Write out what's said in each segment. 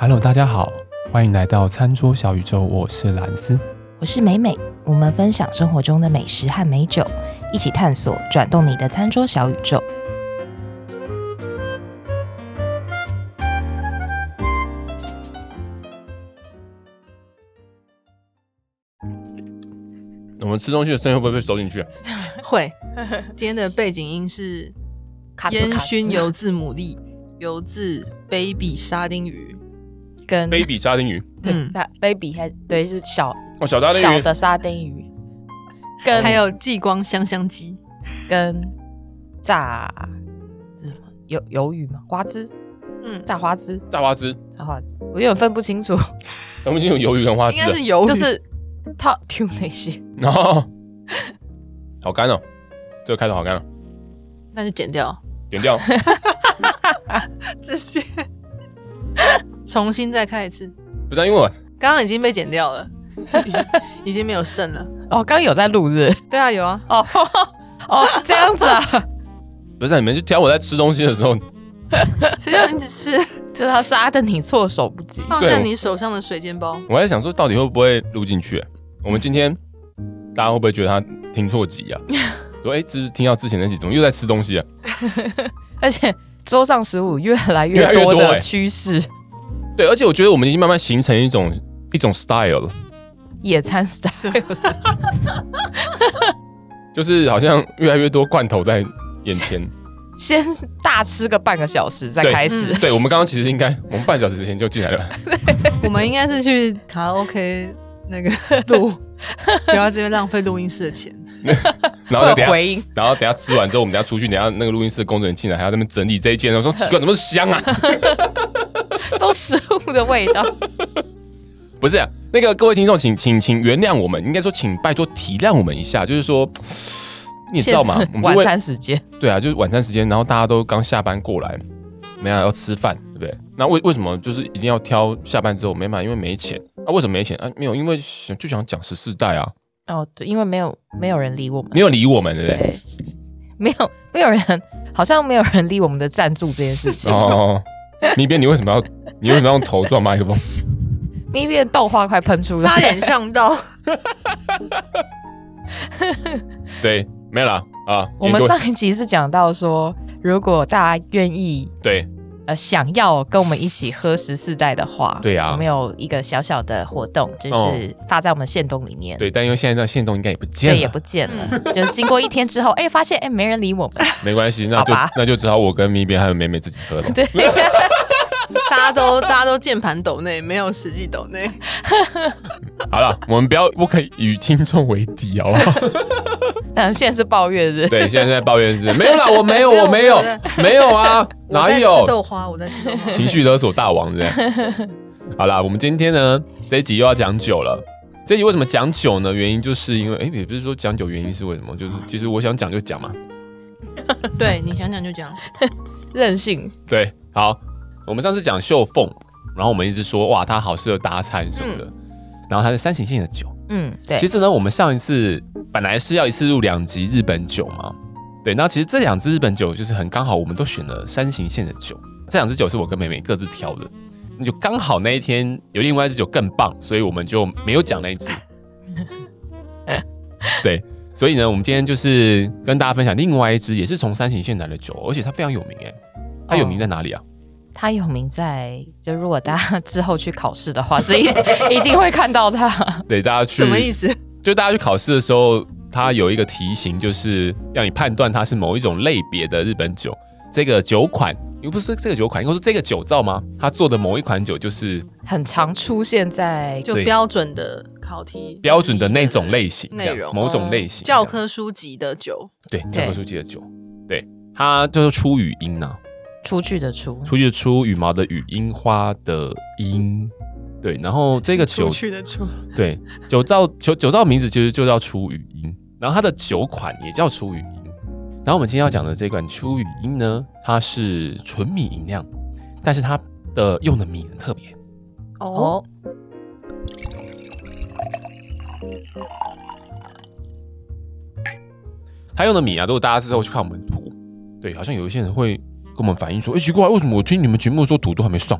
Hello，大家好，歡迎來到餐桌小宇宙。我是蘭斯，我是美美。我們分享生活中的美食和美酒，一起探索轉動你的餐桌小宇宙。 嗯、我們吃東西的聲音會不會被收進去、啊？ 會。今天的背景音是煙燻油漬牡蠣、油漬 baby 沙丁魚。跟 baby 沙丁魚，嗯，baby 還對是小哦，小沙丁魚，小的沙丁魚，跟還有繼光香香雞，跟炸是什麼魷魷魚嗎？花枝，嗯，炸花枝，炸花枝，炸花枝，我有點分不清楚，分不清楚魷魚跟花枝，應該是魷魚，就是 talk to 那些哦，好乾哦，這個開頭好乾哦，那就剪掉，剪掉，這些。重新再開一次，不是、啊、因為剛剛已經被剪掉了， 已經沒有剩了。哦，剛有在錄是？對啊，有啊。哦 哦，這樣子啊，不是、啊、你們就挑我在吃東西的時候，誰 叫你只吃，就他殺的你措手不及，放在你手上的水煎包。我，我在想說，到底會不會錄進去，啊？我們今天大家會不會覺得他聽錯集啊？ 說只、欸、是聽到之前那集，怎麼又在吃東西啊？ 而且桌上食物越來越多的趨勢。越對，而且我覺得我們已經慢慢形成一種一種 style 了，野餐 style， 就是好像越來越多罐頭在眼前，先,先大吃個半個小時再開始。對,嗯、對，我們剛剛其實應該，我們半小時之前就進來了。我們應該是去卡拉 OK 那個錄， 不要這邊浪費錄音室的錢。然後等回應，然後等下吃完之後，我們等下出去，等下那個錄音室的工作人員進來，還要在那邊整理這一間，我說奇怪，怎麼香啊？ 都食物的味道， 不是那個各位聽眾，請請請原諒我們，應該說請拜托體諒我們一下，就是說你也知道嘛。確實 晚餐時間對啊，就是晚餐時間，然後大家都剛下班過來，沒有啊要吃飯，對不對？那為為什麼就是一定要挑下班之後沒嘛？因為沒錢啊？為什麼沒錢啊？沒有，因為想就想講十四代啊。哦，對，因為沒有沒有人理我們，沒有理我們，對不對？對沒有沒有人，好像沒有人理我們的贊助這件事情 哦。咪編你為什麼要？你為什麼要用頭撞麥克風？咪編的豆花快噴出來，差點嗆到。 對，沒了啊。我們上一集是講到說，如果大家願意，對。呃，想要跟我們一起喝十四代的話，對啊，我們有一個小小的活動，就是發在我們限動裡面、嗯。對，但因為現在在限動應該也不見了，了，也不見了。 就是經過一天之後，哎、欸，發現哎、欸，沒人理我們。沒關係，那就吧那就只好我跟咪編還有美美自己喝了。對，大家都大家都鍵盤抖內，沒有實際抖內。 好了，我們不要不可以與聽眾為敵好不好？ 現在是抱怨日，對，現在在抱怨日，沒有啦，我沒有， 是我沒有，沒有，沒有啊，哪有豆花？我在吃豆花，情緒勒索大王這樣。 好啦，我們今天呢這一集又要講酒了。這一集為什麼講酒呢？原因就是因為，哎、欸，也不是說講酒，原因是為什麼？就是其實我想講就講嘛。 對，你想講就講，任 性。對，好，我們上次講秀鳳，然後我們一直說哇，她好適合搭餐什麼的，嗯、然後她是山形縣的酒。嗯，對。其實呢，我們上一次本來是要一次入兩支日本酒嘛，對。那其實這兩支日本酒就是很剛好，我們都選了山形縣的酒。這兩支酒是我跟美美各自挑的，那就剛好那一天有另外一支酒更棒，所以我們就沒有講那一只。 對，所以呢，我們今天就是跟大家分享另外一支，也是從山形縣來的酒，而且它非常有名欸。誒。它有名在哪裡啊？嗯。他有名在，就如果大家之後去考試的話，是一 一定會看到他。對，大家去什麼意思？就大家去考試的時候，他有一個題型，就是讓你判斷它是某一種類別的日本酒。這個酒款，又不是這個酒款，應該是這個酒造嗎？他做的某一款酒，就是很常出現在就標準的考題，標準的那種類型內容，哦、某種類型教科書級的，的酒。對，教科書級的酒，對，他就是出羽櫻呢、啊。出去的出，出去的出羽毛的羽，櫻花的櫻，對，然後這個酒，對，酒造酒，酒造名字其實就是，就叫出羽櫻，然後它的酒款也叫出羽櫻，然後我們今天要講的這款出羽櫻呢，它是純米吟釀，但是它的用的米很特別哦，它用的米啊，如果大家之後去看我們圖，對，好像有一些人會。跟我們反映說，哎、欸，奇怪，為什麼我聽你們節目說圖都還沒上？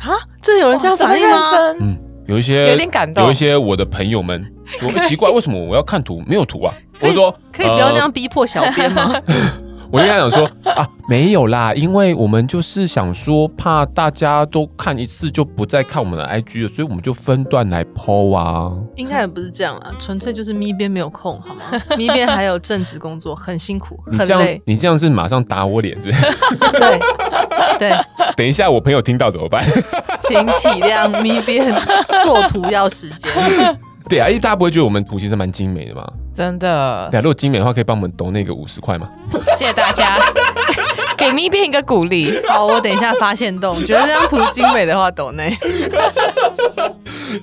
啊，這有人這樣反應、哦。嗎？嗯，有一些有點感動,有一些我的朋友們說不以、欸、奇怪，為什麼我要看圖沒有圖啊？以我說，可以不要這樣逼迫小編嗎？ 我應該想說啊，沒有啦，因為我們就是想說，怕大家都看一次就不再看我們的 IG 了，所以我們就分段來 po 啊。應該也不是這樣啦，啊，純粹就是咪邊沒有空好嗎？咪邊還有正職工作，很辛苦，很累。你這樣是馬上打我臉，是不是？對 對。對，等一下，我朋友聽到怎麼辦？ 請體諒咪邊，作圖要時間。 對啊，因為大家不會覺得我們圖其實蠻精美的嘛。真的。假、啊、如果精美的話，可以幫我們抖那個五十塊嗎？謝謝大家， 給咪編一,一個鼓勵。好，我等一下發限動，覺得這張圖精美的話，抖內？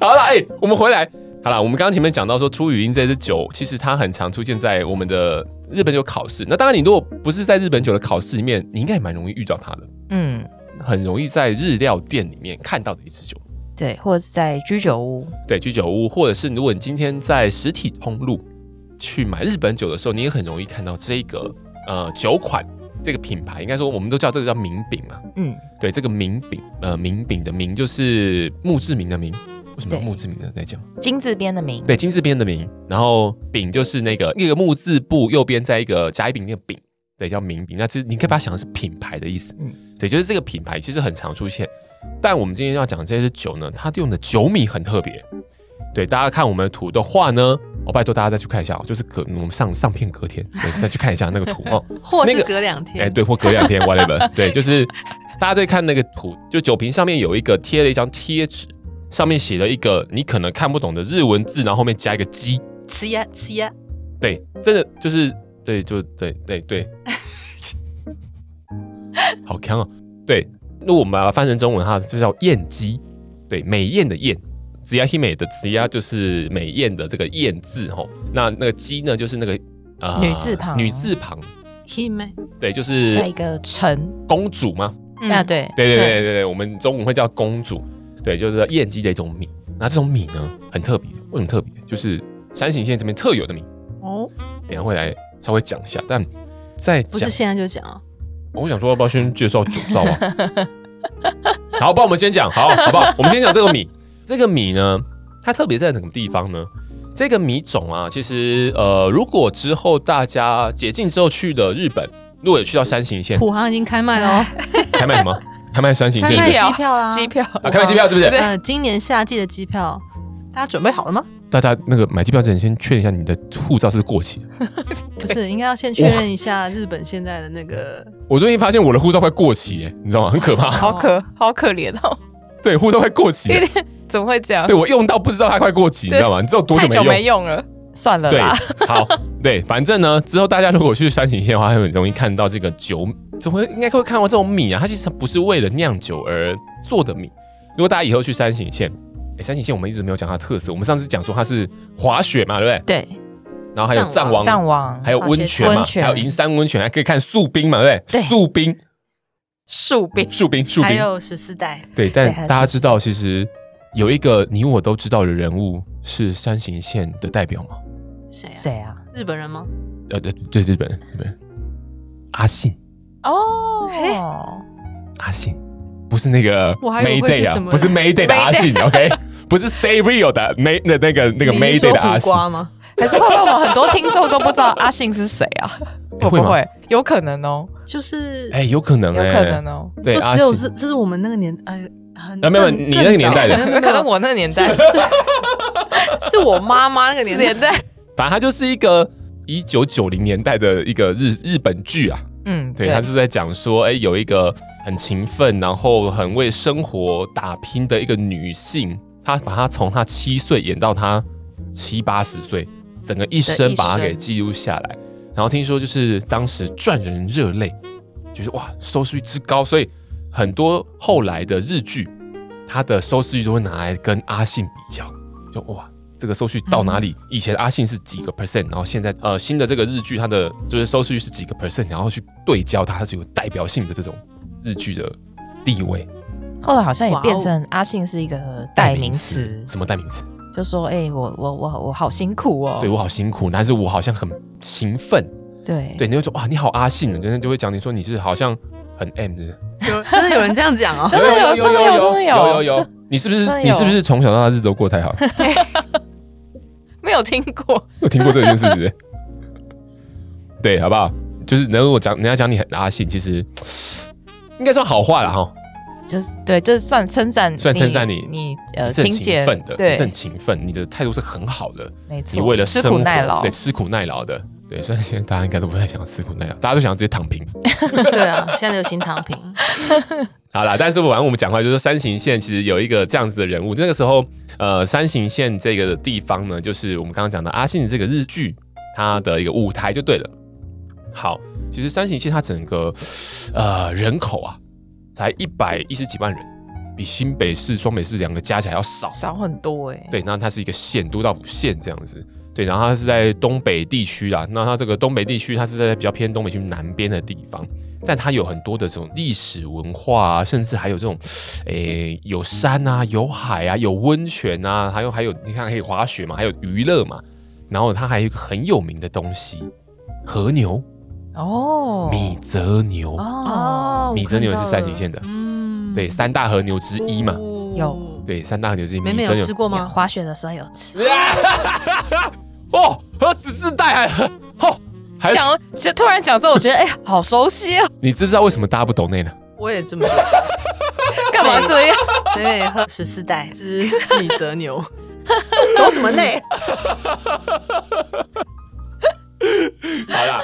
好了，哎、欸，我們回來。好了，我們剛剛前面講到說，出羽櫻這支酒，其實它很常出現在我們的日本酒考試。那當然，你如果不是在日本酒的考試裡面，你應該也蠻容易遇到它的。嗯，很容易在日料店裡面看到的一支酒。對，或者是在居酒屋。對，居酒屋，或者是如果你今天在實體通路去買日本酒的時候，你也很容易看到這個呃酒款，這個品牌，應該說我們都叫這個叫銘柄嘛。嗯，對，這個銘柄，呃，銘柄的銘就是墓誌銘的銘。為什麼墓誌銘的在叫金字邊的銘？對，金字邊的，的銘，然後柄就是那個一個木字部右邊在一個加一餅那個餅，對，叫銘柄。那其實你可以把它想成是品牌的意思，嗯，對，就是這個品牌其實很常出現。但我們今天要講這些酒呢，它用的酒米很特別。對，大家看我們的圖的話呢，我、喔、拜託大家再去看一下、喔，就是隔我們上上片隔天對，再去看一下那個圖哦。或是隔兩天，哎、欸，對，或隔兩天，whatever。 對，就是大家再看那個圖，就酒瓶上面有一個貼了一張貼紙，上面寫了一個你可能看不懂的日文字，然後後面加一個姬，吃呀。對，真的就是對，就對對對，好康哦，對。對對 那我們把、啊、它翻成中文，它就叫艷姬，對，美艷的艷，子牙黑美的子牙，就是美艷的這個艷字哈。那那個姬呢，就是那個、呃、女字旁，女字旁黑美，妹對，就是在一個城公主嗎？啊、嗯，對，對對對對對,對我們中文會叫公主，對，就是艷姬的一種米。那這種米呢，很特別，為什麼特別？就是山形縣這邊特有的米哦。等下會來稍微講一下，但在不是現在就講、哦、我想說，要不要先介紹酒造？ 好，不然我好好不好，我們先講，好好不好，我們先講這個米， 這個米呢，它特別在哪個地方呢？這個米種啊，其實呃，如果之後大家解禁之後去的日本，如果有去到山形縣，浦航已經開賣了哦，開賣什麼？ 開賣山形縣的機票啊，機票行啊，開賣機票是不是？呃，今年夏季的機票，大家準備好了嗎？大家那個買機票之前，先確認一下你的護照是不是過期了 對。不是，應該要先確認一下日本現在的那個。哇我最近發現我的護照快過期，欸，你知道嗎？很可怕。好可好可憐哦。對，護照快過期了。 怎麼會這樣？對，我用到不知道它快，快過期，你知道嗎？對你知道多久沒，久沒用了？算了。 對，好對，反正呢，之後大家如果去山形縣的話，很容易看到這個酒，怎麼會應該會看到這種米啊？它其實不是為了釀酒而做的米。如果大家以後去山形縣，欸，山形縣我們一直沒有講它特色，我們上次講說它是滑雪嘛，對不對？對。然後還有藏王，藏王，還有溫泉嘛，還有銀山溫泉，還可以看樹冰嘛，對不對？對。樹冰。樹冰。樹冰。樹冰。還有十四代。對。但大家知道，其實有一個你我都知道的人物是山形縣的代表嗎？誰？誰啊？日本人嗎？呃，對，對，日本人，日本人。阿信。哦。阿信，不是那個 Mayday 啊。我還以為是什麼？不是 Mayday 的阿信，OK。不是 Stay Real 的那那那個那個 Mayday 的阿信嗎？還是會不會我們很多聽眾都不知道阿信是誰啊？會不會？有可能哦，就是哎，有可能，有可能哦。對，只有是這是我們那個年哎很沒有你那個年代的，可能我那個年代是是我媽媽那個年代。反正她就是一個一九九零年代的一個日日本劇啊。嗯，對，她是在講說，哎，有一個很勤奮，然後很為生活打拼的一個女性。他把他從他七歲演到他七八十歲，整個一生把他給記錄下來。然後聽說就是當時賺人熱淚，就是哇，收視率之高，所以很多後來的日劇，它的收視率都會拿來跟阿信比較，就哇，這個收視率到哪裡？嗯。以前阿信是幾個 percent，然後現在呃新的這個日劇，它的就是收視率是幾個 percent，然後去對焦它，它是有代表性的這種日劇的地位。後來好像也變成阿信是一個代名詞，什麼代名詞？就說，哎，我我我我好辛苦哦，對我好辛苦，但是我好像很勤奮。對對，你會說，哇，你好阿信，人家就會講你說你是好像很 M 的人，真的有人這樣講哦，真的有真的有有有有有，你是不是你是不是從小到大日子都過得太好？沒有聽過，有聽過這件事情，對，好不好？就是人家如果講人家講你很阿信，其實應該算好話啦，齁。就是對，就是算稱讚，算稱讚你，你，你呃，你勤奮的，對，很勤奮，你的態度是很好的，沒錯，你為了吃苦耐勞，對，吃苦耐勞的，對，所以現在大家應該都不太想要吃苦耐勞，大家都想要直接躺平， 對啊，現在流行躺平， 好啦，但是反正我們講回來就是山形縣其實有一個這樣子的人物，那個時候呃，山形縣這個地方呢，就是我們剛剛講的阿信這個日劇，它的一個舞台就對了。好，其實山形縣它整個呃人口啊。才一百一十幾萬人，比新北市、雙北市兩個加起來要少，少很多哎。對，那它是一個縣都道府縣這樣子。對，然後它是在東北地區啊，那它這個東北地區，它是在比較偏東北區南邊的地方，但它有很多的這種歷史文化啊，甚至還有這種，哎，有山啊，有海啊，有溫泉啊，還有還有，你看可以滑雪嘛，還有娛樂嘛。然後它還有一個很有名的東西，和牛。哦，米澤牛哦，米澤牛是山形縣的，嗯，對，三大和牛之一嘛。有，對，三大和牛之一，沒有吃過嗎？滑雪的時候有吃。哦，喝十四代還喝，講，就突然講之後，我覺得哎呀，好熟悉哦。你知不知道為什麼大家不抖內呢？我也這麼講，幹嘛這樣？對，喝十四代之米澤牛，抖什麼內？好啦。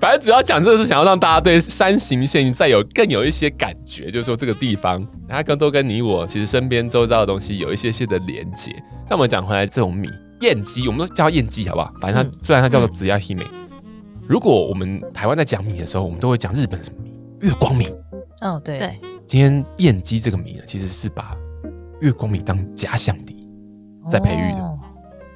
反正主要講這個是想要讓大家對山形縣再有更有一些感覺，就是說這個地方它更多跟你我其實身邊周遭的東西有一些些的連接。那我們講回來這種米，艷姬，我們都叫艷姬，好不好？反正它、嗯、雖然它叫做つや姫，嗯、如果我們台灣在講米的時候，我們都會講日本的什麼米，越光米。哦，對。今天艷姬這個米呢，其實是把越光米當假想敵在培育的，哦、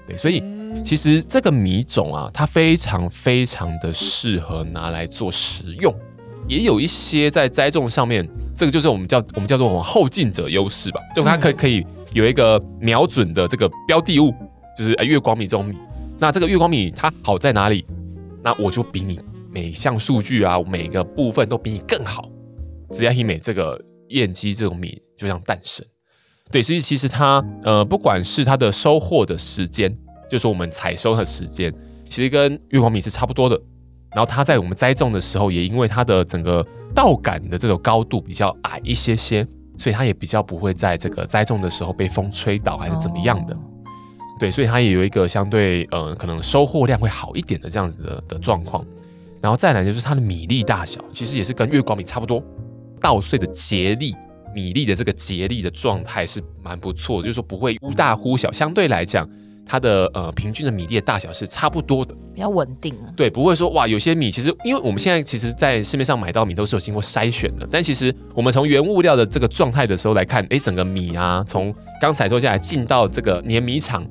對，所以。其實這個米種啊，它非常非常的適合拿來做食用，也有一些在栽種上面，這個就是我們叫我們叫做我們後進者優勢吧，就它可以可以有一個瞄準的這個標的物，就是哎越光米這種米。那這個越光米它好在哪裡？那我就比你每項數據啊，每個部分都比你更好。只要伊每這個艷姬這種米就這樣誕生。對，所以其實它呃，不管是它的收穫的時間。就是說我們採收的時間，其實跟越光米是差不多的。然後它在我們栽種的時候，也因為它的整個稻杆的這個高度比較矮一些些，所以它也比較不會在這個栽種的時候被風吹倒還是怎麼樣的。對，所以它也有一個相對呃，可能收穫量會好一點的這樣子的的狀況。然後再來就是它的米粒大小，其實也是跟越光米差不多。稻穗的結粒、米粒的這個結粒的狀態是蠻不錯的，就是說不會忽大忽小，相對來講。它的呃平均的米粒的大小是差不多的，比較穩定啊。對，不會說哇，有些米其實，因為我們現在其實，在市面上買到米都是有經過篩選的，但其實我們從原物料的這個狀態的時候來看，誒、欸，整個米啊，從剛採收下來進到這個碾米廠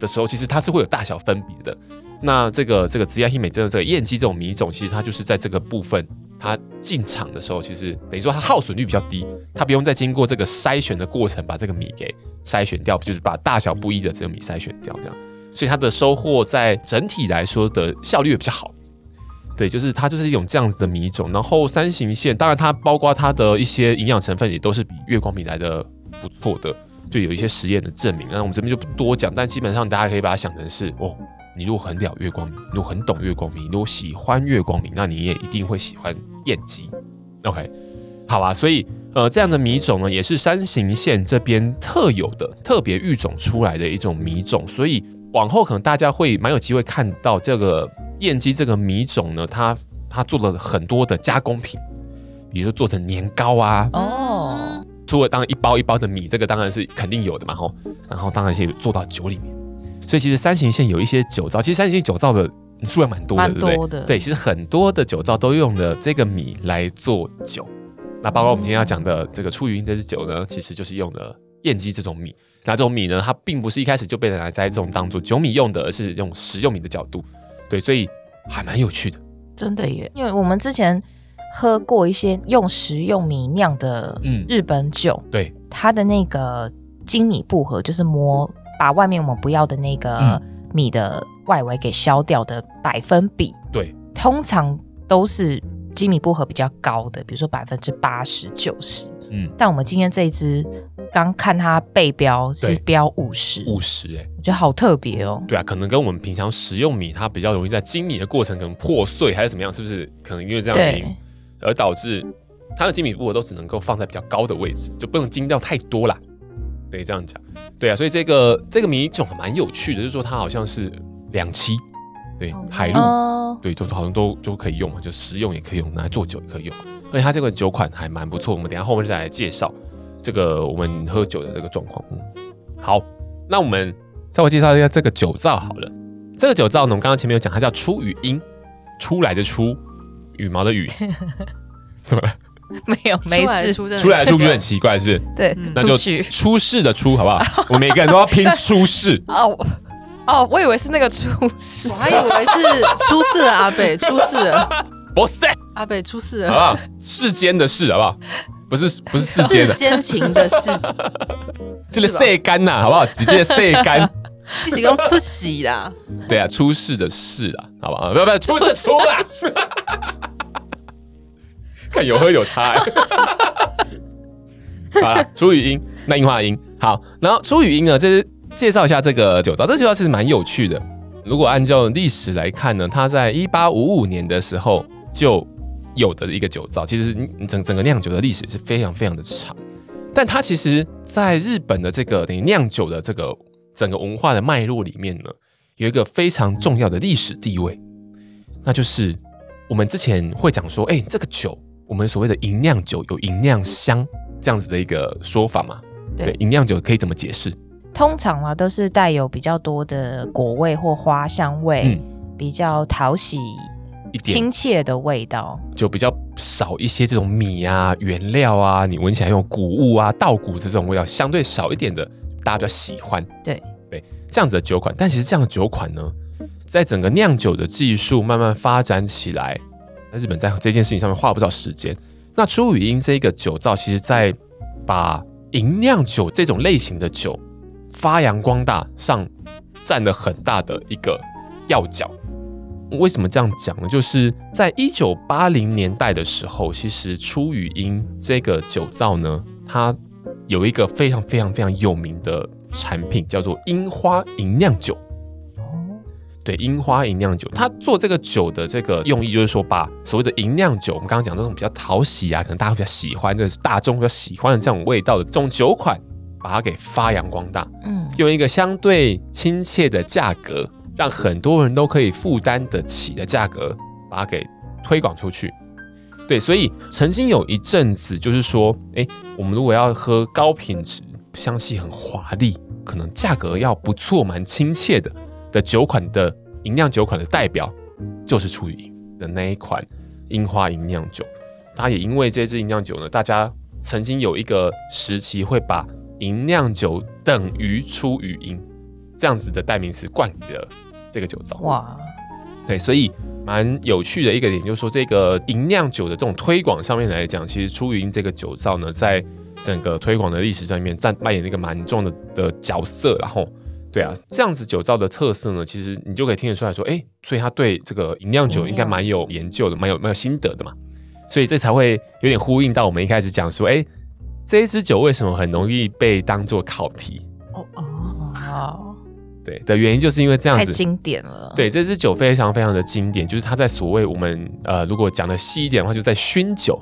的時候，其實它是會有大小分別的。那這個這個艷姬真的這個艷姬這種米種，其實它就是在這個部分，它進場的時候，其實等於說它耗損率比較低，它不用再經過這個篩選的過程，把這個米給篩選掉，就是把大小不一的這個米篩選掉，這樣，所以它的收穫在整體來說的效率也比較好。對，就是它就是一種這樣子的米種。然後山形縣，當然它包括它的一些營養成分也都是比越光米來的不錯的，就有一些實驗的證明。那我們這邊就不多講，但基本上大家可以把它想成是哦。你如果很了越光，你如果很懂越光米，你如果喜歡越光米，那你也一定會喜歡艷姬。OK，好吧、啊，所以呃，這樣的米種呢，也是山形縣這邊特有的、特別育種出來的一種米種。所以往後可能大家會蠻有機會看到這個艷姬這個米種呢，它它做了很多的加工品，比如說做成年糕啊，哦，oh. 除了當然一包一包的米，這個當然是肯定有的嘛，吼，然後當然也做到酒裡面。所以其實山形縣有一些酒造，其實山形縣酒造的數量蠻多的，蠻多的。對，其實很多的酒造都用了這個米來做酒，那包括我們今天要講的這個出羽櫻這支酒呢，其實就是用了艷姬這種米。那這種米呢，它並不是一開始就被人來栽種當做酒米用的，而是用食用米的角度，對，所以還蠻有趣的。真的耶，因為我們之前喝過一些用食用米釀的嗯日本酒，嗯、對，它的那個精米步合就是磨。把外面我們不要的那個米的外圍給削掉的百分比，嗯、對，通常都是精米步合比較高的，比如說百分之八十九十，嗯，但我們今天這一支剛看它背標是標五十，五十哎，我覺得好特別哦。嗯。對啊，可能跟我們平常食用米，它比較容易在精米的過程可能破碎，還是怎麼樣？是不是？可能因為這樣子而導致它的精米步合都只能夠放在比較高的位置，就不能精掉太多了。對，這樣講，對啊，所以這個這個米種蠻有趣的，就是說它好像是兩棲，對，海陸，oh. 對，就好像都都可以用嘛，就食用也可以用，拿來做酒也可以用。而且它這個酒款還蠻不錯，我們等一下後面再來介紹這個我們喝酒的這個狀況。嗯，好，那我們稍微介紹一下這個酒造好了。這個酒造呢，我們剛剛前面有講，它叫出羽櫻，出來的出，羽毛的羽， 怎麼了？沒有，沒事。出來的出覺得很奇怪，是不是？對，那就出事的出，好不好？我們每個人都要拼出事。哦哦，我以為是那個出事，我還以為是出事的阿北，出事的。不是，阿北出事了，好吧？世間的事，好不好？不是，不是世間的，世間情的事。這個塞干吶，好不好？直接塞干。一起用出喜的？對啊，出事的事啊，好不好？不要不要，出事出啊。看有喝有猜、欸， 好了，出羽櫻，那英話音，音好，然後出羽櫻呢，就是介紹一下這個酒造，這酒造其實是蠻有趣的。如果按照歷史來看呢，它在1855年的時候就有的一個酒造，其實整整個釀酒的歷史是非常非常的長。但它其實在日本的這個等於釀酒的這個整個文化的脈絡裡面呢，有一個非常重要的歷史地位，那就是我們之前會講說，哎、欸，這個酒。我們所謂的吟釀酒有吟釀香這樣子的一個說法嘛？對，吟釀酒可以怎麼解釋？通常嘛、啊，都是帶有比較多的果味或花香味，嗯、比較討喜一點、親切的味道，就比較少一些這種米啊原料啊，你聞起來用穀物啊、稻穀這種味道相對少一點的，大家比較喜歡。對對，這樣子的酒款，但其實這樣的酒款呢，在整個釀酒的技術慢慢發展起來。日本在這件事情上面花了不少時間。那出羽櫻這個酒造，其實，在把吟釀酒這種類型的酒發揚光大上占了很大的一個要角。為什麼這樣講呢？就是在一九八零年代的時候，其實出羽櫻這個酒造呢，它有一個非常非常非常有名的產品，叫做櫻花吟釀酒。對，櫻花吟釀酒，他做這個酒的這個用意就是說，把所謂的吟釀酒，我們剛剛講那種比較討喜啊，可能大家比較喜歡，這是大眾比較喜歡的這種味道的這種酒款，把它給發揚光大。嗯，用一個相對親切的價格，讓很多人都可以負擔得起的價格，把它給推廣出去。對，所以曾經有一陣子就是說，哎、欸，我們如果要喝高品質、香氣很華麗，可能價格要不錯、蠻親切的。酒款的吟釀酒款的代表，就是出羽櫻的那一款櫻花吟釀酒。它也因為這支吟釀酒呢，大家曾經有一個時期會把吟釀酒等於出羽櫻這樣子的代名詞冠給了這個酒造。哇，對，所以蠻有趣的一個點，就是說這個吟釀酒的這種推廣上面來講，其實出羽櫻這個酒造呢，在整個推廣的歷史上面占扮演了一個蠻重的的角色，然後。對啊，這樣子酒造的特色呢，其實你就可以聽得出來說，哎、欸，所以他對這個吟釀酒應該蠻有研究的，蠻、嗯、有蠻有心得的嘛，所以這才會有點呼應到我們一開始講說，哎、欸，這一支酒為什麼很容易被當做考題？哦哦，好好對，的原因就是因為這樣子，太經典了。對，這支酒非常非常的經典，就是它在所謂我們呃，如果講的細一點的話，就是在薰酒。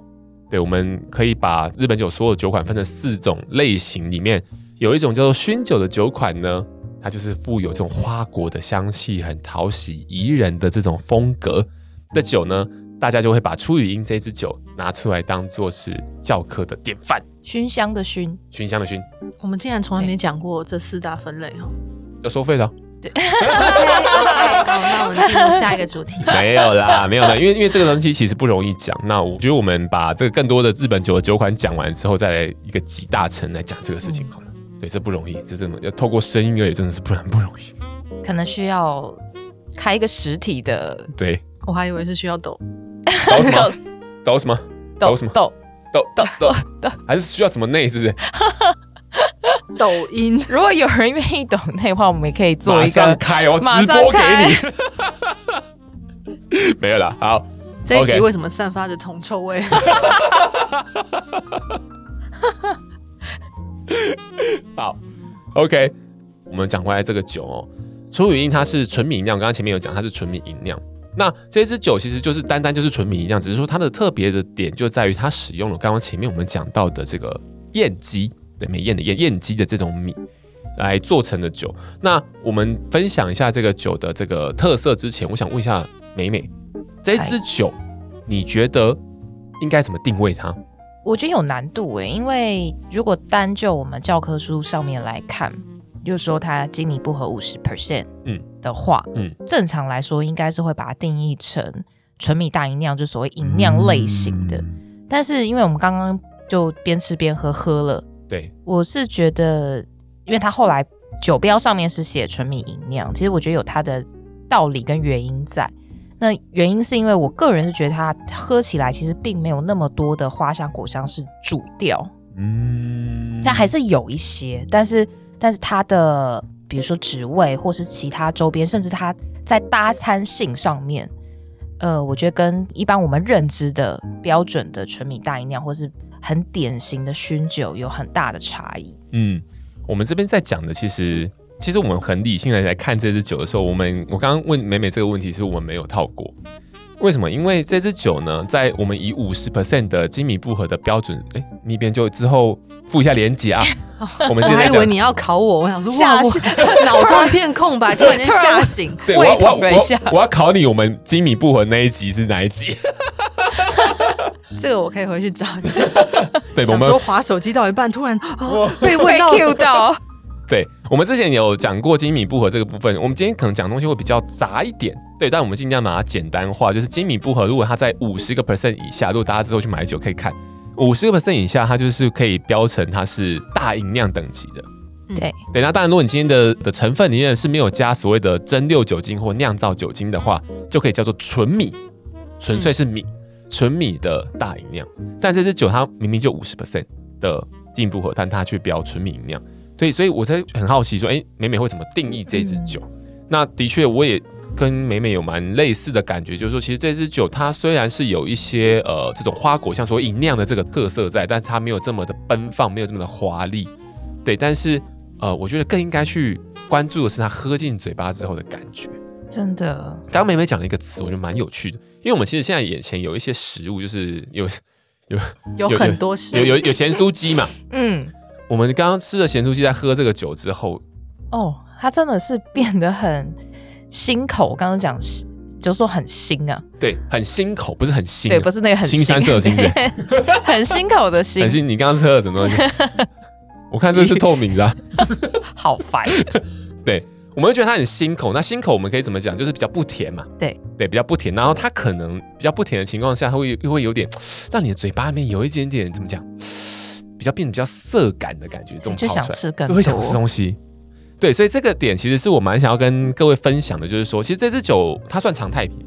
對，我們可以把日本酒所有的酒款分成四種類型，裡面有一種叫做薰酒的酒款呢。它就是富有這種花果的香氣，很討喜、宜人的這種風格的酒呢，大家就會把出羽櫻這支酒拿出來當做是教科的典範。熏香的熏，熏香的熏，我們竟然從來沒講過這四大分類哦，欸、要收費了？對。Okay, okay, 好，那我們進入下一個主題。 沒有啦，沒有啦，因為因為這個東西其實不容易講。那我覺得我們把這個更多的日本酒的酒款講完之後，再來一個集大成來講這個事情好了。嗯也是不容易，這真的要透過聲音而已，真的是不然不容易。可能需要開一個實體的，對，我還以為是需要抖抖什麼抖什麼抖什麼抖抖抖抖，還是需要什麼內是不是？抖音，如果有人願意抖內的話，我們也可以做一個開，哦，直播給你。沒有啦，好，這一集為什麼散發着銅臭味？ 好，OK，我們講回來這個酒哦、喔，出羽櫻它是純米釀，我剛剛前面有講它是純米釀。那這支酒其實就是單單就是純米釀，只是說它的特別的點就在於它使用了剛剛前面我們講到的這個艷姬，對，美艷的艷，艷姬的這種米來做成的酒。那我們分享一下這個酒的這個特色之前，我想問一下美美，嗨這支酒你覺得應該怎麼定位它？我覺得有難度哎、欸，因為如果單就我們教科書上面來看，就說它精米步合五十 percent，嗯的話，嗯，嗯，正常來說應該是會把它定義成純米大吟釀，就所謂吟釀類型的。嗯、但是因為我們剛剛就邊吃邊喝喝了，對，我是覺得，因為它後來酒標上面是寫純米吟釀，其實我覺得有它的道理跟原因在。那原因是因為我個人是覺得它喝起來其實並沒有那麼多的花香果香是主調，嗯，但還是有一些，但是但是它的比如說酯味或是其他周邊，甚至它在搭餐性上面，呃，我覺得跟一般我們認知的標準的純米大吟釀或是很典型的熏酒有很大的差異。嗯，我們這邊在講的其實，其實我們很理性的來看這支酒的時候，我們我剛剛問美美這個問題，是我們沒有套過，為什麼？因為這支酒呢，在我們以五十%的精米步合的標準，哎，那邊就之後附一下鏈接啊。哦、我們現在在我還以為你要考我，我想說，下哇，我腦中一片空白，突然間嚇醒，對，一下。我要考你，我們精米步合那一集是哪一集？這個我可以回去找。嗯、對，我們說滑手機到一半，突然哦，我被問到，Q 到對。我們之前有講過精米步合這個部分，我們今天可能講的東西會比較雜一點，對，但我們盡量把它簡單化，就是精米步合如果它在五十個 percent 以下，如果大家之後去買酒可以看五十個 percent 以下，它就是可以標成它是大吟釀等級的，對對，那當然如果你今天的的成分裡面是沒有加所謂的蒸餾酒精或釀造酒精的話，就可以叫做純米，純粹是米、嗯、純米的大吟釀，但這支酒它明明就五十 percent 的精米步合，但它卻標純米吟釀。對，所以我才很好奇，說，哎、欸，美美會怎麼定義這支酒？嗯、那的確，我也跟美美有蠻類似的感覺，就是說，其實這支酒它雖然是有一些呃這種花果香所吟釀的這個特色在，但它沒有這麼的奔放，沒有這麼的華麗。對，但是呃，我覺得更應該去關注的是它喝進嘴巴之後的感覺。真的，剛剛美美講了一個詞，我覺得蠻有趣的，因為我們其實現在眼前有一些食物，就是有有有很多食物，有有有，有，有鹹酥雞嘛， 嗯。我們剛剛吃的鹹酥雞，在喝這個酒之後，哦，它真的是變得很辛口。剛剛講就是說很腥啊，對，很辛口，不是很腥、啊，對，不是那個很腥，腥羶色的腥，很辛口的辛。很腥，你剛剛喝的什麼東西？ 我看這是透明的、啊， 好煩白。對，我們會覺得它很辛口。那辛口我們可以怎麼講？就是比較不甜嘛。對，對，比較不甜。然後它可能比較不甜的情況下，它會又會有點讓你的嘴巴裡面有一點點怎麼講？比較變得比較澀感的感覺，這種泡就想吃更多，會想吃東西，對，所以這個點其實是我蠻想要跟各位分享的，就是說，其實這支酒它算常態品，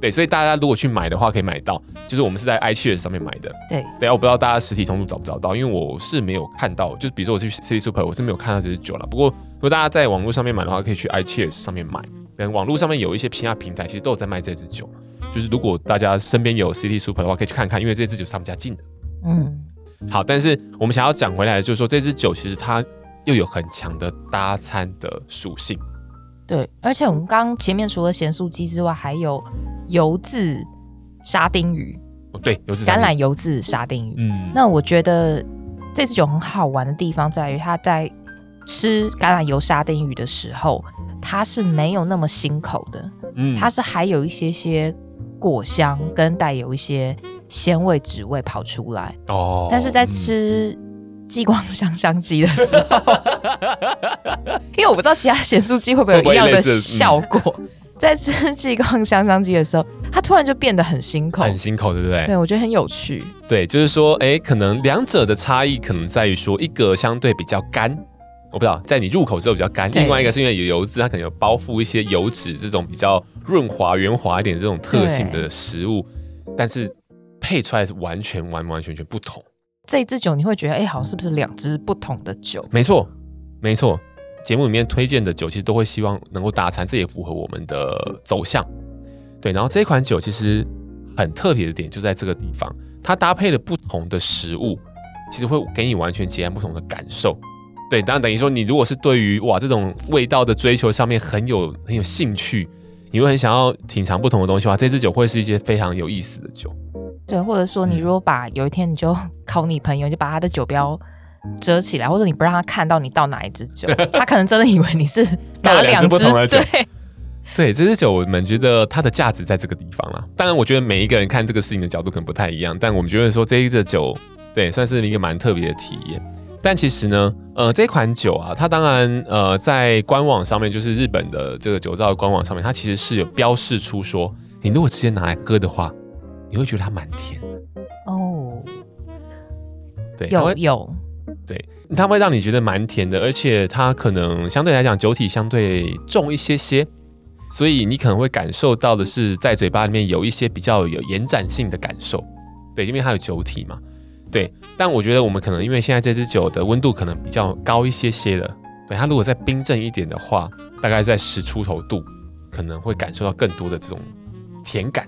對，所以大家如果去買的話，可以買到，就是我們是在 iCheers 上面買的，對，對我不知道大家實體通路找不找到，因為我是沒有看到，就是比如說我是去 City Super，我是沒有看到這支酒了。不過如果大家在網絡上面買的話，可以去 iCheers 上面買，然後網絡上面有一些其他平台，其實都有在賣這支酒，就是如果大家身邊有 City Super 的話，可以去看看，因為這支酒是他們家進的，嗯。好，但是我們想要講回來，就是說這支酒其實它又有很強的搭餐的屬性。對，而且我們剛前面除了鹹酥雞之外，還有油漬沙丁魚。哦，對，油漬沙丁魚。橄欖油漬沙丁魚。嗯，那我覺得這支酒很好玩的地方在於，它在吃橄欖油沙丁魚的時候，它是沒有那麼辛口的。嗯，它是還有一些些果香，跟帶有一些。鮮味、脂味跑出來哦，oh, 但是在吃繼光香香雞的時候， 因為我不知道其他鹹酥雞會不會有一樣的，會不會類似的效果。嗯、在吃繼光香香雞的時候，它突然就變得很辛口，很辛口，對不對？對，我覺得很有趣。對，就是說，哎、欸，可能兩者的差異可能在於說，一個相對比較乾，我不知道，在你入口之後比較乾；，對另外一個是因為有油脂，它可能有包覆一些油脂這種比較潤滑、圓滑一點這種特性的食物，對但是。配出來是完全完完全全不同。這一支酒你會覺得，哎、欸，好，是不是兩支不同的酒？沒錯，沒錯。節目裡面推薦的酒，其實都會希望能夠搭餐，這也符合我們的走向。對，然後這款酒其實很特別的點就在這個地方，它搭配了不同的食物，其實會給你完全截然不同的感受。對，當然等於說，你如果是對於哇這種味道的追求上面很有很有興趣，你會很想要品嘗不同的東西的話，這支酒會是一些非常有意思的酒。對，或者說你如果把有一天你就考你朋友，就把他的酒標遮起來，或者你不讓他看到你倒哪一支酒，他可能真的以為你是哪兩支 不同的酒。對，對，這支酒我們覺得它的價值在這個地方啦、啊。當然，我覺得每一個人看這個事情的角度可能不太一樣，但我們覺得說這一支酒，對，算是一個蠻特別的體驗。但其實呢，呃，這款酒啊，它當然呃在官網上面，就是日本的這個酒造的官網上面，它其實是有標示出說，你如果直接拿來喝的話。你會覺得它蠻甜哦，oh, 對，有有，會有對，它會讓你覺得蠻甜的，而且它可能相對來講酒體相對重一些些，所以你可能會感受到的是在嘴巴裡面有一些比較有延展性的感受，對，因為它有酒體嘛，對。但我覺得我們可能因為現在這支酒的溫度可能比較高一些些了，對，它如果再冰鎮一點的話，大概在十出頭度，可能會感受到更多的這種甜感。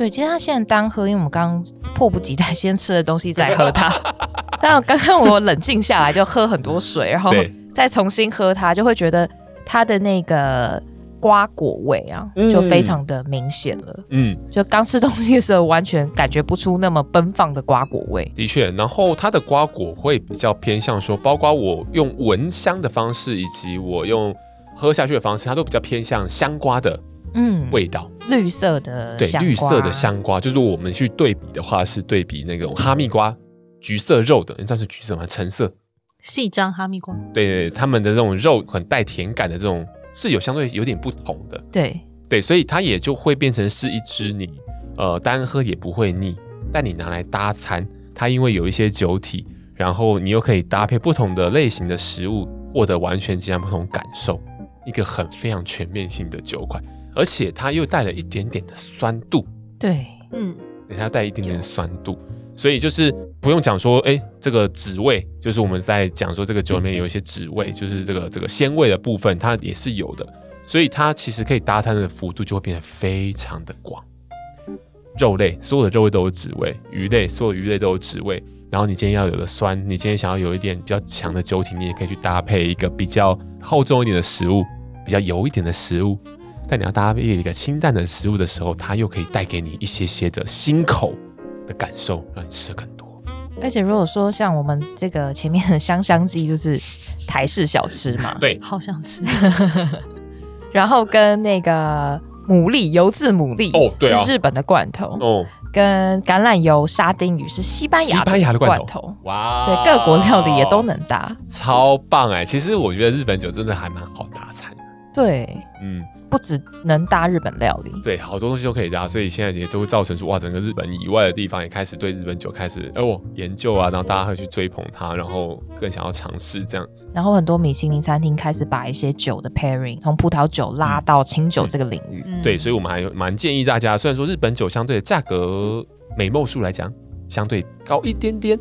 對，其實他現在單喝，因為我們剛剛迫不及待先吃的東西再喝它， 但我剛剛我冷靜下來就喝很多水， 然後再重新喝它，就會覺得它的那個瓜果味啊，嗯、就非常的明顯了。嗯，就剛吃東西的時候完全感覺不出那麼奔放的瓜果味。的確，然後它的瓜果會比較偏向說，包括我用聞香的方式，以及我用喝下去的方式，它都比較偏向香瓜的。嗯，味道綠色的香瓜，對綠色的香瓜，就是我們去對比的話，是對比那種哈密瓜，嗯、橘色肉的、欸，算是橘色嗎？橙色，夕張哈密瓜，對，他們的這種肉很帶甜感的這種，是有相對有點不同的，對對，所以它也就會變成是一支你呃單喝也不會膩，但你拿來搭餐，它因為有一些酒體，然後你又可以搭配不同的類型的食物，獲得完全截然不同感受，一個很非常全面性的酒款。而且它又帶了一點點的酸度，對，嗯，它要帶一點點酸度，所以就是不用講說，哎、欸，這個脂味，就是我們在講說這個酒裡面有一些脂味，就是這個這個鮮味的部分，它也是有的，所以它其實可以搭餐的幅度就會變得非常的廣，肉類所有的肉類都有脂味，魚類所有的魚類都有脂味，然後你今天要有的酸，你今天想要有一點比較強的酒體，你也可以去搭配一個比較厚重一點的食物，比較油一點的食物。在你要搭配一個清淡的食物的時候，它又可以帶給你一些些的心口的感受，讓你吃的更多。而且如果說像我們這個前面的香香雞，就是台式小吃嘛，對，好想吃。 然後跟那個牡蠣油漬牡蠣哦，對、啊、日本的罐頭哦，跟橄欖油沙丁魚是西班牙西班牙的罐頭哇、哦，所以各國料理也都能搭，哦、超棒哎、欸！其實我覺得日本酒真的還蠻好搭餐的，對，嗯。不只能搭日本料理，對，好多東西都可以搭，所以現在也就會造成說，哇，整個日本以外的地方也開始對日本酒開始，哦，研究啊，然後大家會去追捧它，然後更想要嘗試這樣子。然後很多米其林餐廳開始把一些酒的 pairing 從葡萄酒拉到清酒這個領域，嗯對，嗯、對，所以我們還蠻建議大家，雖然說日本酒相對的價格，美貌數來講相對高一點點，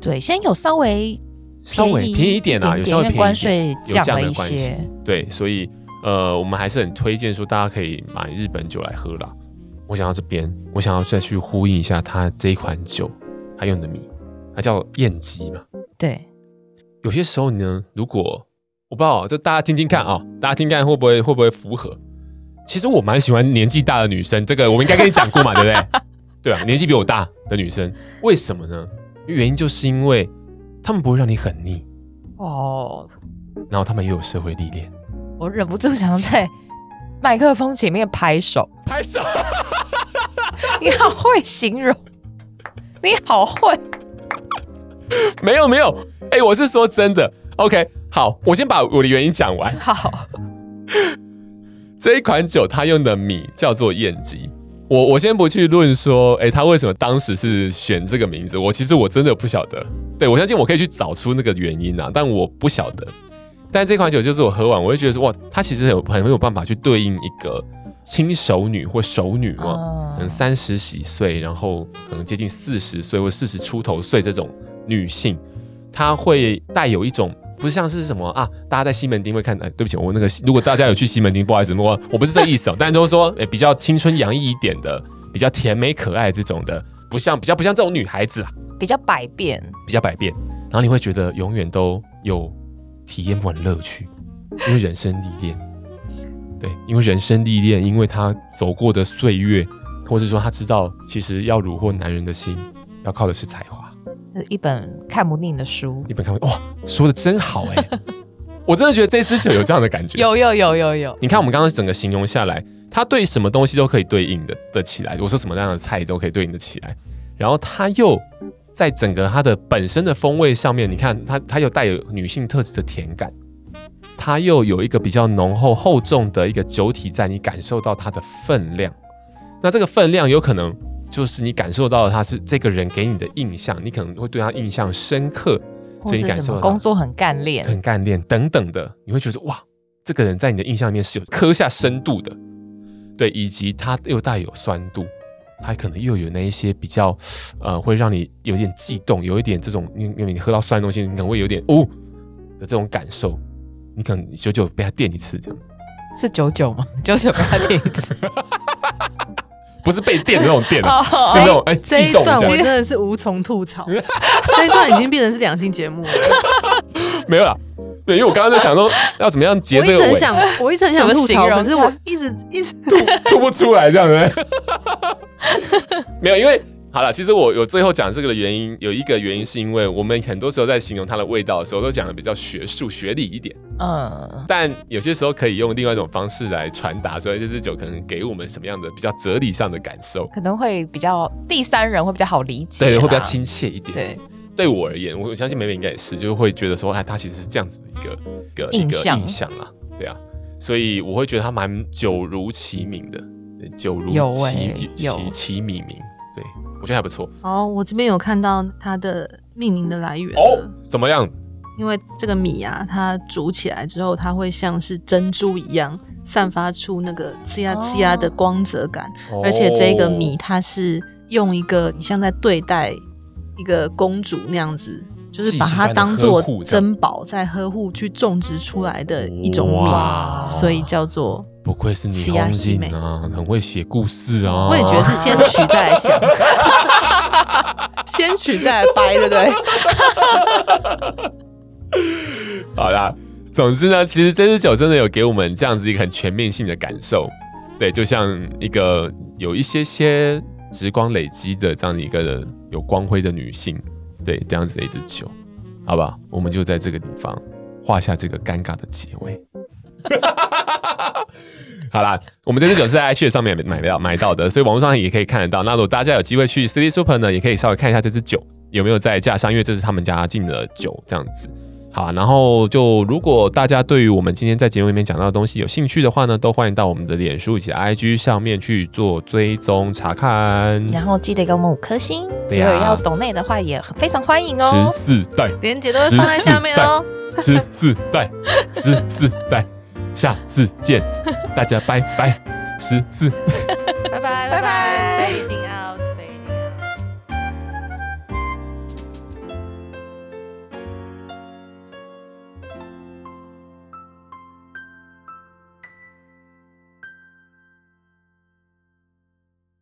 對，現在有稍微、啊、稍微便宜一點啊，有稍微便宜關稅降了一些有，對，所以。呃，我們還是很推薦說大家可以買日本酒來喝啦。我想要這邊，我想要再去呼應一下它這一款酒，它用的米，它叫艷姬嘛。對，有些時候呢，如果我不知道，就大家聽聽看啊、哦，大家聽看會不會會不會符合？其實我蠻喜歡年紀大的女生，這個我們應該跟你講過嘛， 對不對？對啊，年紀比我大的女生，為什麼呢？原因就是因為她們不會讓你很膩哦，然後她們也有社會歷練。我忍不住想在麥克風前面拍手，拍手！ 你好會形容，你好會。沒有沒有，哎、欸，我是說真的。OK，好，我先把我的原因講完。好，這一款酒它用的米叫做艷姬。我我先不去論說，哎、欸，他為什麼當時是選這個名字？我其實我真的不曉得。對，我相信我可以去找出那個原因啊，但我不曉得。但這款酒就是我喝完，我就覺得說哇，它其實有很有辦法去對應一個輕熟女或熟女嘛，可能三十幾歲，然後可能接近四十歲或四十出頭歲這種女性，她會帶有一種不像是什麼啊，大家在西門町會看，哎、欸，對不起，我那個如果大家有去西門町， 不好意思，我我不是這個意思，喔，但就是說，哎、欸，比較青春洋溢一點的，比較甜美可愛這種的，不像比較不像這種女孩子啊，比較百變，比較百變，然後你會覺得永遠都有。體驗不完樂趣，因為人生歷練， 對，因為人生歷練，因為他走過的歲月，或是說他知道，其實要虜獲男人的心，要靠的是才華。一本看不膩的書。一本看不哇、哦，說的真好哎、欸！ 我真的覺得這支酒有這樣的感覺。 有,有有有有有。你看我們剛剛整個形容下來，他對什麼東西都可以對應的的起來。我說什麼樣的菜都可以對應的起來，然後他又。在整個它的本身的風味上面，你看它，它又帶有女性特質的甜感，它又有一個比較濃厚厚重的一個酒體在，在你感受到它的分量。那這個分量有可能就是你感受到它是這個人給你的印象，你可能會對他印象深刻。所以你感受到工作很幹練，很幹練等等的，你會覺得哇，這個人在你的印象裡面是有刻下深度的，對，以及它又帶有酸度。他可能又有那一些比較，呃，會讓你有點悸動，有一點這種，因為你喝到酸的東西，你可能會有點哦的這種感受，你可能久久被他電一次這樣子，是久久嗎？久久被他電一次， 不是被電的那種電，哦、是，是那種哎，這一段我真的是無從吐槽， 這一段已經變成是兩性節目了， 沒有了。對，因為我剛剛在想說要怎麼樣結這個尾。我一直很想，我一直很想吐槽， 可是我一直一直吐 吐不出來，這樣子。 沒有，因為好了，其實我我最後講這個的原因，有一個原因是因為我們很多時候在形容它的味道的時候，都講的比較學術、學理一點。嗯。但有些時候可以用另外一種方式來傳達，所以這支酒可能給我們什麼樣的比較哲理上的感受，可能會比較第三人會比較好理解，對，會比較親切一點，對。對我而言，我相信美美應該也是，就是會覺得說，哎，它其實是這樣子一個一個，印象一個印象印象啊，對啊，所以我會覺得它蠻酒如其名的，對酒如其、欸、其其米名，對我覺得還不錯。哦，我這邊有看到它的命名的來源哦，怎麼樣？因為這個米啊，它煮起來之後，它會像是珍珠一樣，散發出那個滋呀滋呀的光澤感，哦、而且這個米它是用一個，你像在對待。一個公主那樣子，就是把它當做珍寶在呵護，去種植出來的一種米，哇所以叫做艷姬。不愧是日本人啊，很會寫故事啊。我也覺得是先取再來想， 先取再來掰，對不對？好啦，總之呢，其實這支酒真的有給我們這樣子一個很全面性的感受，對，就像一個有一些些。時光累積的這樣的一個有光輝的女性，對這樣子的一支酒，好不好？我們就在這個地方畫下這個尷尬的結尾。 好啦，我們這支酒是在 iShare 上面，買不到買到的，所以網絡上也可以看得到。那如果大家有機會去 City Super 呢，也可以稍微看一下這支酒有沒有在架上，因為這是他們家進的酒這樣子。好、啊，然後就如果大家對於我們今天在節目裡面講到的東西有興趣的話呢，都歡迎到我們的臉書以及 IG 上面去做追蹤查看。然後記得給我們五顆星。對呀、啊，如果要抖內的話也非常歡迎哦。十四代，連結都會放在下面哦十。十四代，十四代， 下次見，大家拜拜，十四，拜拜 拜拜。拜拜拜拜。